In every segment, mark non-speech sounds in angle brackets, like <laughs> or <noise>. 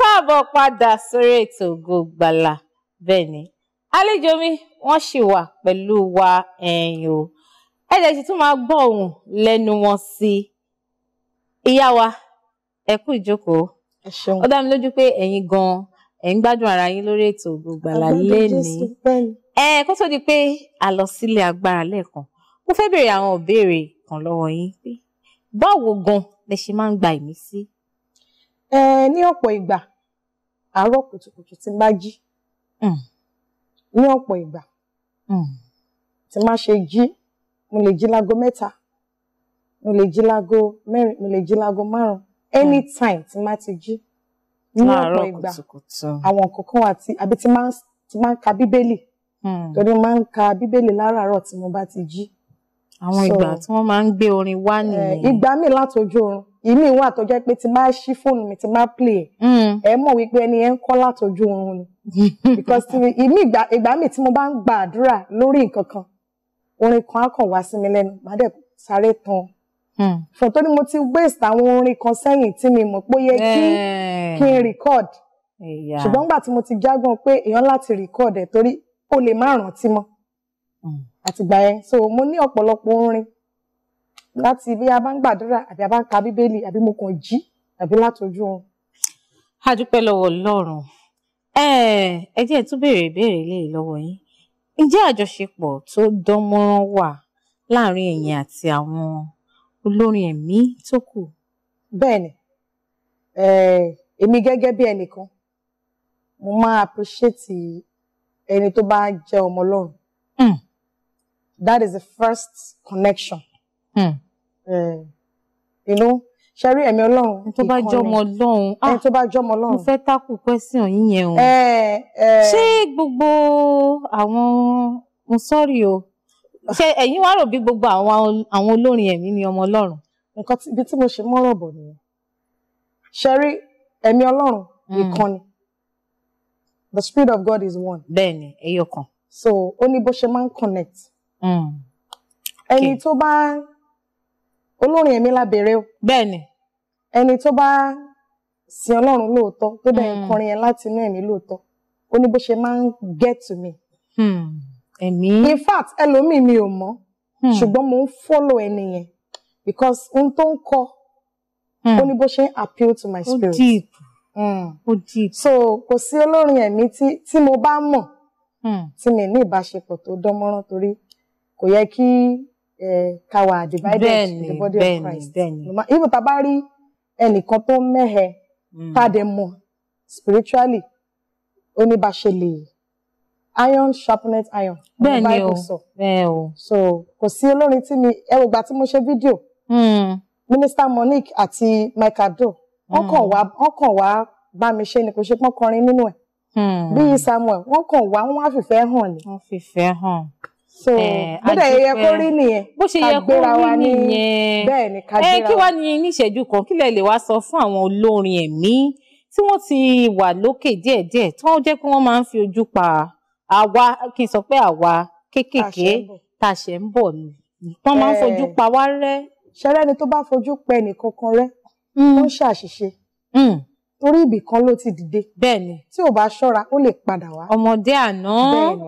káàbọ̀ padà sórí ètò Ògo Ìgbàlà bẹ́ẹ̀ ni àlejò mi wọ́n sì wà pẹ̀lú wa ẹ̀yìn o ẹ̀jẹ̀ sì tún máa gbọ́ ohùn lẹ́nu wọn sí i ìyá wa ẹ kú ìjókòó ó dá mi lójú pé ẹ̀yin gan-an ẹ̀ ń gbádùn ara yín lórí ètò Ògo Ìgbàlà ẹ kó tó di pé a lọ sílé agbára lẹ́ẹ̀kan mo fẹ́ béèrè àwọn ìbéèrè kan lọ́wọ́ yín báwo gan lẹ ṣe máa ń gba ìmísí ní ọ̀pọ̀ ìgbà àárọ̀ kùtùkùtù tí n bá jí hmm. ní ọ̀pọ̀ ìgbà hmm. tí má ṣe jí mo lè jí láago mẹ́ta mo lè jí láago mẹ́rin mo lè jí láago márùn hmm. anytime tí má ti jí ní ọ̀pọ̀ ìgbà àwọn kọ̀ọ̀kan wà tí àbí tí má ń ka bíbélì torí má ń ka bíbélì láràárọ̀ tí mo bá ti jí. àwọn ìgbà tí wọ́n máa ń gbé orin wá nìyẹn. ìgbà míì látọjú oorun ìmí wà tó jẹ́ pé ti máa ṣí fóònù mi ti máa play hmm. ẹ mọ̀ wípé ẹni ẹ ń kọ́ látọjú oorun ni <laughs> because ìmí ìgbà mi tí mo bá ń gba àdúrà lórí nǹkan kan orin kan á kàn wá sí mi lẹ́nu má dẹ̀ sáré tan hmm. fún tó ní mo ti waste àwọn orin kan sẹ́yìn tí mi mọ̀ pé ó yẹ kí kí n record ṣùgbọ́n nígbà tí mo ti jágbọ́n pé èèyàn láti record ẹ̀ torí o lè má rántí mọ́ hmm. àtìgbà yẹn so mo ní ọ̀pọ̀lọpọ̀ orin láti bí a bá ń gbàdúrà àbí a bá ń ka bíbélì àbí mo kàn jí àbí látọjú wọn. a dúpẹ́ lọ́wọ́ ọlọ́run ẹ jẹ́ ẹ tún béèrè ìbéèrè eléyìí lọ́wọ́ yín ǹjẹ́ àjọṣepọ̀ tó dán mọ́rán wà láàrin ẹ̀yin àti àwọn olórin ẹ̀mí tó kù? bẹ́ẹ̀ni èmi gẹ́gẹ́ bí ẹnìkan mo máa appreciate ẹni tó bá jẹ́ ọmọ ọlọ́run hmm. that is the first connection. Mm inú ṣẹ́rí ẹ̀mí ọlọ́run ẹni tó bá jọmọ ọlọ́run ah, ẹni tó bá jọmọ ọlọ́run mo fẹ́ tákù question yín yẹn o ṣé gbogbo àwọn mo sọ́ọ̀rì o ṣé ẹ̀yin wá rò bí gbogbo àwọn olórin ẹ̀mí ni ọmọ ọlọ́run. nǹkan ibi tí mo ṣe mọ́rọ̀ bọ̀ nìyẹn ṣẹ́rí ẹ̀mí ọlọ́run hmm. ìkànnì the spirit of God is one. bẹ́ẹ̀ni ẹyọ kan. so ó ní bó ṣe máa ń connect. Hmm. ẹni tó bá ń olórin ẹ̀mí lábẹ̀rẹ̀ o. bẹ́ẹ̀ni. ẹni tó bá sin ọlọ́run lóòótọ́ tó bẹ́ẹ̀ ń hmm. kọrin yẹn láti inú ẹ̀mí lóòótọ́ ó ní bó ṣe máa ń get to me. Hmm. ẹ̀mí. in fact ẹlòmíì mi ò mọ̀ hmm. ṣùgbọ́n mo ń follow ẹni yẹn because ohun tó ń kọ ó ní bó ṣe ń appeal to my spirit. ó deep. ó deep. so kò sí olórin ẹ̀mí tí tí mo bá mọ̀ tí mi ní ìbáṣepọ̀ tó dán mọ́rán torí kò yẹ kí ká divided in the body of Christ even tá a bá rí ẹnìkan tó mẹ́hẹ mm. tá a spiritually ó ní bá ṣe lè iron sharpened iron. bẹ́ẹ̀ni o bẹ́ẹ̀ o. so kosi sí ni timi. Ewo ẹ wò gbà tí mo ṣe hmm. minister monique ati michael doe wọ́n kàn hmm. wá wọ́n kàn wá bá mi ṣe ni kò ṣe pọ́n kọrin nínú ẹ̀. Hmm. bíi samuel wọ́n kàn wá wọ́n á fìfẹ́ hàn ni. wọ́n fìfẹ́ hàn so eh, bó dẹ̀ yẹ kó rí nìyẹn bó ṣe yẹ kó rí nìyẹn bẹ́ẹ̀ ni ká eh, gbéra wa. ẹ kí wàá ní níṣẹ́jú kan kí lẹ lè wá sọ fún àwọn olórin ẹ̀mí tí wọ́n ti wà lókè díẹ̀díẹ̀ tí wọ́n jẹ́ pé wọ́n máa ń fi ojú pa àwa kí n sọ pé àwa kéékèèké tá a ṣe ń bọ̀ ni wọ́n máa ń fojú pa wá rẹ́. ṣẹlẹ́ni tó bá fojú pẹ́ nìkan kan rẹ́ mm. ó ṣàṣìṣe mm torí ibì kan ló ti dìde. bẹ́ẹ̀ni tí ò bá ṣọ́ra ó lè padà wá. ọmọdé àná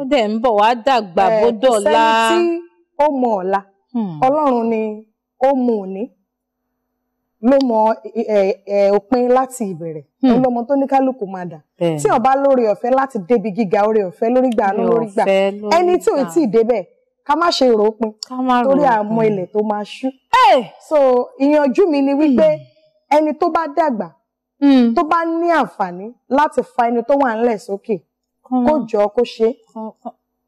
ó dẹ̀ ń bọ̀ wá dàgbà bó dọ̀la. sẹ́ni tí ó mọ ọ̀la hmm. ọlọ́run ni ó mú òní ló mọ òpin láti ìbẹ̀rẹ̀ ọlọ́mọ hmm. tó ní kálukú máa dà tí ó bá lórí ọ̀fẹ́ láti débi gíga orí ọ̀fẹ́ lórí gbà àánú lórí gbà ẹni tí ò tí ì débẹ̀ ká má ṣe ròópin torí àmọ́ ilẹ̀ tó máa ṣú. so ìyànjú mi ni wípé hmm. ẹni tó bá dàgbà Mm. tó bá ní àǹfààní láti fa ẹni tó wà ńlẹ̀ sókè kó jọ kó ṣe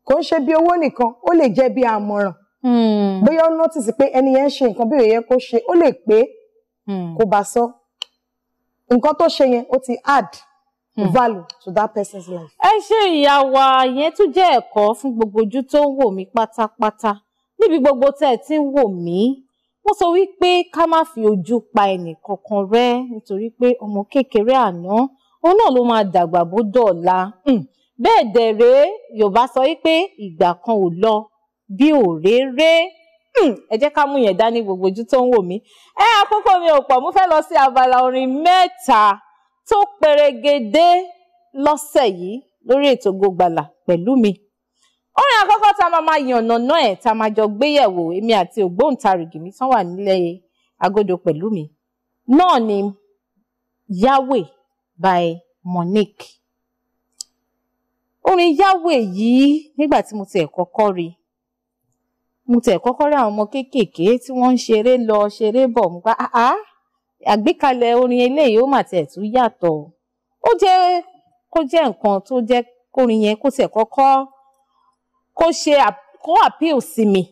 kó ń ṣe bí owó nìkan ó lè jẹ́ bí àmọ̀ràn mm. bóyá ó nọ́tìsì pé ẹni yẹn ń ṣe nǹkan bí òye kó ṣe ó lè pé mm. kó bá sọ nǹkan tó ṣe yẹn ó ti add value to that person's life. ẹ ṣe ìyá wa yẹn tún jẹ́ ẹ̀kọ́ fún gbogbo ojú tó ń wò mí pátápátá níbi gbogbo tẹ́ ẹ ti ń wò mí wọ́n sọ wípé ká má fi ojú pa ẹnì kankan rẹ́ nítorí pé ọmọ kékeré àná òun náà ló máa dàgbà bó dọ̀la hmm. bẹ́ẹ̀ dẹ̀ rèé yorùbá sọ wípé ìgbà kan ò lọ bí òréré hmm. ẹ jẹ́ ká mú yẹn dání gbogbo ojú tó ń wò mí ẹ àkókò mi ò pọ̀ mo fẹ́ lọ sí abala orin mẹ́ta tó perégedé lọ́sẹ̀ yìí lórí ètò Ògo Ìgbàlà pẹ̀lú mi orin àkọ́kọ́ tá a máa máa yànnà náà ẹ̀ tá a máa jọ gbéyẹ̀wò èmi àti ògbóǹtarìgì mi tán wà nílẹ̀ agodo pẹ̀lú mi náà ni Yahweh by Monique orin Yahweh yìí nígbà tí mo tiẹ̀ kọ́kọ́ rí mo tiẹ̀ kọ́kọ́ rí àwọn ọmọ kéékèèké tí wọ́n ń ṣeré lọ ṣeré bọ̀ mo gbà áá àgbékalẹ̀ orin eléyìí ó mà tiẹ̀ tún yàtọ̀ ó jẹ́ kó jẹ́ nǹkan tó jẹ́ kórin yẹn kó tiẹ̀ kọ́kọ́ kó ṣe kó appeal sí mi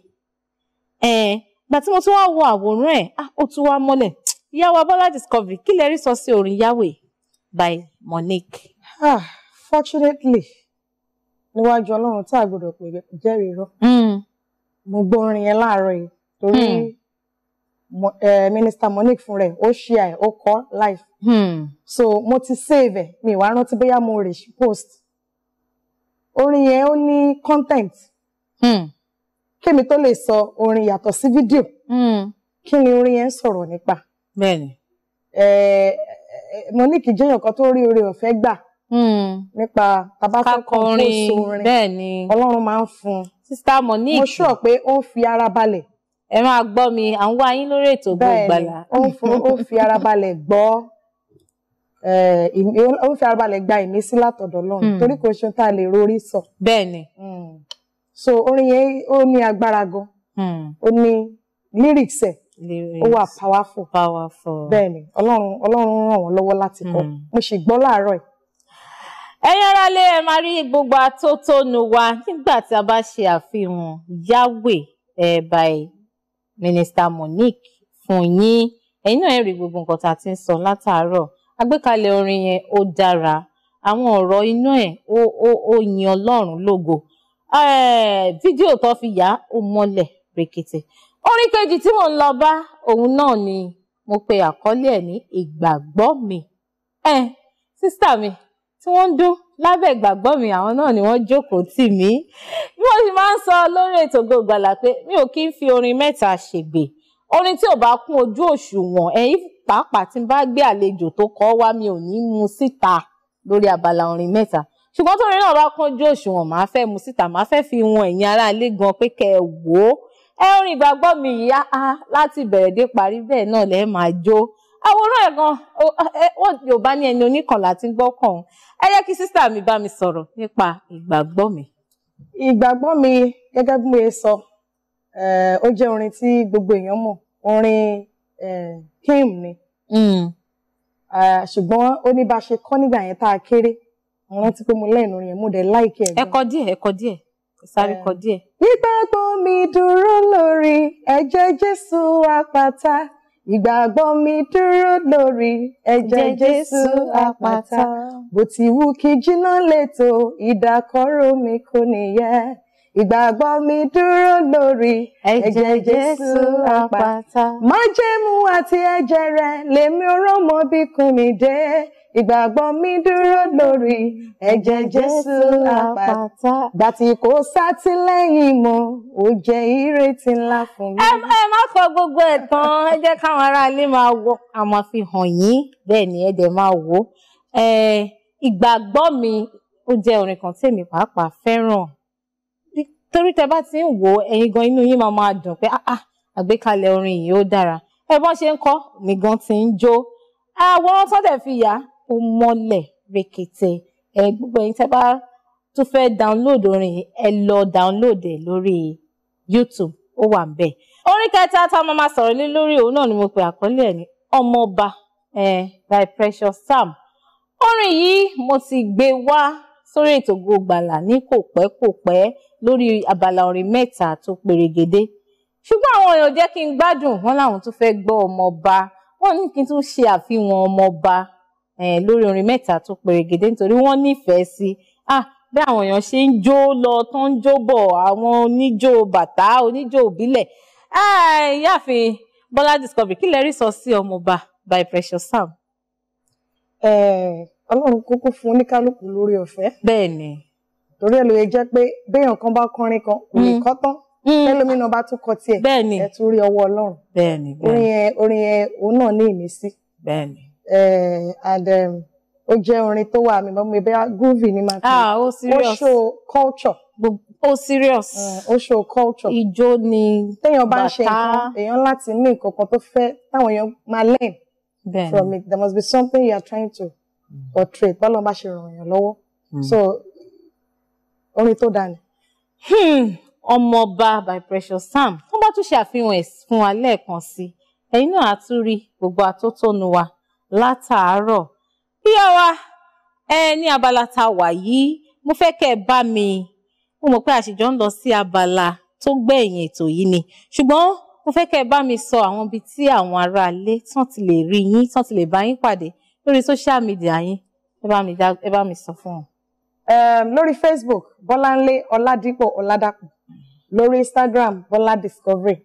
gbà tí mo tún wá wo àwòrán ẹ̀ ah, ó tún wá mọ́lẹ̀ ìyàwó abọ́lá discovery kí lẹ rí sọ sí orin yahweh by monique. ah fortunately níwájú ọlọ́run tá a gbọ́dọ̀ pè jẹ́rìí rọ hmm. mo gbọ́ orin yẹn láàárọ̀ yìí torí hmm. minister monique fún rẹ̀ ó ṣí ẹ̀ ó kọ́ live hmm. so mo ti save ẹ̀ mi ìwà rántí bóyá mo rè post orin yẹn ó ní content hmm. kémi tó lè sọ orin yàtọ̀ sí fídíò hmm. kí ni orin yẹn sọ̀rọ̀ nípa. bẹ́ẹ̀ni. mo ní kì í jẹ́yàn kan tó rí oore ọ̀fẹ́ gbà hmm. nípa tabakọ́kọ́ tó so orin bẹ́ẹ̀ni ọlọ́run máa ń fún un. sista Monique mo sọ pé ó ń fi ara balẹ̀. ẹ máa gbọ́ mi à ń wá yín lórí ètò Ògo Ìgbàlà. bẹ́ẹ̀ni ó ń fi ara balẹ̀ gbọ́ Eh, ó fi arabalẹ̀ gba ìmísí látọ̀dọ̀ Ọlọ́run hmm. torí kò ṣe tá a lè rorí sọ. bẹ́ẹ̀ni. Hmm. so orin yẹn ó ní agbára gan hmm. ó ní lyrics ẹ̀ ó wà powerful. powerful. bẹ́ẹ̀ni Ọlọ́run Ọlọ́run ràn wọ́n lọ́wọ́ láti kọ mo sì gbọ́ láàárọ̀ yìí ẹ̀yin aráalé ẹ máa rí gbogbo atótónu wa nígbà tí a bá ṣe àfihàn Yahweh ẹ by Minister Monique fún yín ẹ̀yin náà ẹ rí gbogbo nǹkan tá a ti ń sọ látàárọ̀ àgbékalẹ̀ orin yẹn ó dára àwọn ọ̀rọ̀ inú ẹ̀ ó ó ó yin ọlọ́run lógo eh, fídíò tó fi yá ó mọ́lẹ̀ rẹ̀kẹ̀tẹ̀ orin kejì tí mò ń lọ bá òun náà ni mo pe àkọ́lé ẹ̀ ní ìgbàgbọ́ mi ẹ eh, sísítà mi tí wọ́n ń dún lábẹ́ ìgbàgbọ́ mi àwọn náà ni wọ́n jókòó tì mí bí wọ́n sì máa ń sọ lórí ètò Ògo Ìgbàlà mi ò kí ń fi orin mẹ́ta ṣègbè orin tí ò bá kún ojú òṣùwọ̀n ẹ̀yìn eh, pàápàá tí n bá gbé àlejò tó kọ wá mi ò ní mu síta lórí abala orin mẹ́ta ṣùgbọ́n tó rí náà bá kánjú òṣùwọ̀n máa fẹ́ mu síta máa fẹ́ fi wọn ẹ̀yin ará ilé gan pé kẹ́ ẹ wò ó ẹ orin ìgbàgbọ́ mi yá á láti bẹ̀rẹ̀ dé parí bẹ́ẹ̀ náà lẹ́ẹ̀ máa jó àwòrán ẹ̀ gan wọ́n Yorùbá ní ẹni oníkànlá tí ń gbọ́ kàn ẹ jẹ́ kí sísá mi bá mi sọ̀rọ̀ nípa ìgbàgbọ́ mi. ìgbàgbọ́ mi gẹ́gẹ́ bí mo ṣe sọ ó jẹ́ orin tí gbogbo èèyàn mọ̀ orin kim eh, ni hmm. ah, ṣùgbọ́n ó ní bá ṣe kọ́ nígbà yẹn tá a kéré mo rántí pé mo lẹ́nu yẹn mo dẹ̀ láìkẹ́ ẹ̀. ẹ kọ díẹ̀ ẹ kọ díẹ̀ sáré kọ eh, díẹ̀. ìgbàgbọ́ mi dúró lórí ẹ̀jẹ̀ jésù àpáta ìgbàgbọ́ mi dúró lórí ẹ̀jẹ̀ jésù àpáta bó ti wù kí jìnnà lẹ́tọ̀ ìdákọ́rò mi kò nìyẹn ìgbàgbọ́ mi dúró lórí ẹ̀jẹ̀ Jésù àpáta. májẹ̀mú àti ẹ̀jẹ̀ rẹ̀ lèmi ọlọ́mọ bí kún mi dé. ìgbàgbọ́ mi dúró lórí ẹ̀jẹ̀ Jésù àpáta. gbàtí kò sátìlẹ́yìn mọ́ ó jẹ́ ìrètí ńlá fún mi. ẹ ẹ má sọ gbogbo ẹ̀ tán ẹ jẹ́ káwọn aráalé máa wo àmọ́ fi hàn yín bẹ́ẹ̀ ni ẹ dẹ̀ máa wò ó. ìgbàgbọ́ mi ó jẹ́ orin kan tèmi pàápàá fẹ́ràn torí tẹ bá ti ń wò ó ẹ̀yin gan inú yín máa máa dùn pé ah ah àgbékalẹ̀ orin yìí ó dára ẹ bọ́n ṣe ń kọ́ mi gan ti ń jó àwòrán tó dẹ̀ fi yà ó mọ́lẹ̀ rekete ẹ gbogbo ẹ̀yin tẹ bá tún fẹ́ download orin yìí ẹ lọ download ẹ lórí YouTube ó wà ńbẹ̀ orin kẹta tá a máa máa sọ̀rọ̀ lé lórí òun náà ni mo pè àkọlé ẹ̀ ní ọmọọba by Precious Sam orin yìí mo ti gbé wá sórí ètò Ògo Ìgbàlà ní kò pẹ́ kò pẹ́ lórí abala orin mẹ́ta tó perégedé ṣùgbọ́n àwọn èèyàn jẹ́ kí n gbádùn wọn láwọn tó fẹ́ gbọ́ ọmọọba wọn ní kí n tún ṣe àfihàn ọmọọba lórí orin mẹ́ta tó perégedé nítorí wọ́n nífẹ̀ẹ́ sí ah bí àwọn èèyàn ṣe ń jó lọ tó ń jó bọ̀ àwọn oníjó bàtá oníjó ìbílẹ̀ yáàfin Bọ́lá Discovery kí lẹ rí sọ sí ọmọọba by Precious Sam. Eh, Ọlọ́run kúkú fún oníkálukú lórí ọ̀fẹ́. bẹ́ẹ̀ni. torí ẹ ló yẹ jẹ́ pé béèyàn kan bá kọrin kan kò lè mm. kọ tán mm. ẹlòmínà bá tún kọ tiẹ̀ bẹ́ẹ̀ni ẹ tún rí ọwọ́ Ọlọ́run. bẹ́ẹ̀ni bẹ́ẹ̀ni orin yẹn orin yẹn òun náà ní ìmísí. bẹ́ẹ̀ni. and um, ó jẹ́ orin tó wà mí mọ́ mi bẹ́ẹ̀ groovy ni màá kí. ah o serious o show culture. o serious. o show culture. ijó ni bàtà téèyàn bá ń ṣe nǹkan èèyàn láti ní nǹkan kan tó fẹ́ táwọn èèyàn máa learn from it there must be something you are trying to portrait bọ́lá bá ṣe ràn yàn lọ́wọ́ hmm. so orin tó dáa ni. Hmm, ọmọọba by Precious Sam tó bá tún ṣe àfihàn ẹ̀ fún wa lẹ́ẹ̀kan sí ẹ̀yin náà á rí gbogbo àtótónu wa látàárọ̀ bíyà wa ẹ ní abala tá wà yìí mo fẹ́ kẹ́ ẹ bá mi mo mọ̀ pé àṣìjọ ń lọ sí abala tó gbẹ̀yìn ètò yìí ni ṣùgbọ́n mo fẹ́ kẹ́ ẹ bá mi sọ àwọn ibi tí àwọn aráalé tán ti lè rí yín tán ti lè bá yín pàdé lórí social media yín ẹ bá mi dá ẹ bá mi sọ fún wọn. lórí Facebook Bọ́láńlé Ọládípò Ọládàpọ̀ lórí Instagram Bọ́lá Discovery.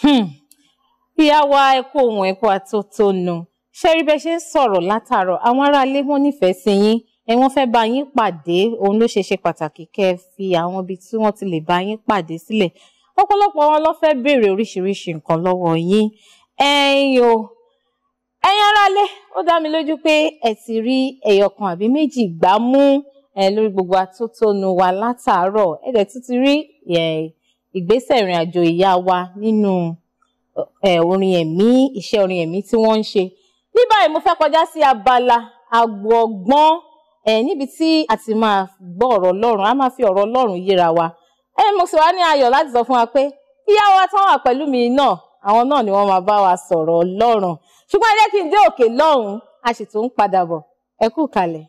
Hmm. ìyá wa ẹ kú ohun ẹ kú àtótónu ṣé rí bẹ́ẹ̀ ṣe ń sọ̀rọ̀ látàárọ̀ àwọn aráalé wọn nífẹ̀ẹ́ sí yín ẹ wọ́n fẹ́ bá yín pàdé òun ló ṣe ṣe pàtàkì kẹ́ ẹ fi àwọn ibi tí wọ́n ti lè bá yín pàdé sílẹ̀ ọ̀pọ̀lọpọ̀ wọn ló fẹ́ béèrè oríṣiríṣi nǹkan lọ́wọ́ yín ẹ̀yin o ẹ̀yin aráalé ó dá mi lójú pé ẹ ti rí ẹyọkan àbí méjì gbá mú lórí gbogbo atótónu wa látàárọ̀ ẹ dẹ̀ tún ti rí ìgbésẹ̀ ìrìn àjò ìyá wa nínú orin ẹ̀mí iṣẹ́ orin ẹ̀mí tí wọ́n ń ṣe ní báyìí mo fẹ́ kọjá sí abala agbo ọgbọ́n ẹ níbi tí a ti máa gbọ́ ọ̀rọ̀ Ọlọ́run a máa fi ọ̀rọ̀ Ọlọ́run yíra wa ẹ mo sì wá ní ayọ̀ láti sọ fún wa pé ìyá wa tán wà pẹ̀lú mi náà àwọn náà ni wọ́n máa bá wa sọ̀rọ̀ Ọlọ́run ṣùgbọ́n ẹ jẹ́ kí n dé òkè lọ́hùnún a sì tún ń padà bọ̀ ẹ kú kalẹ̀.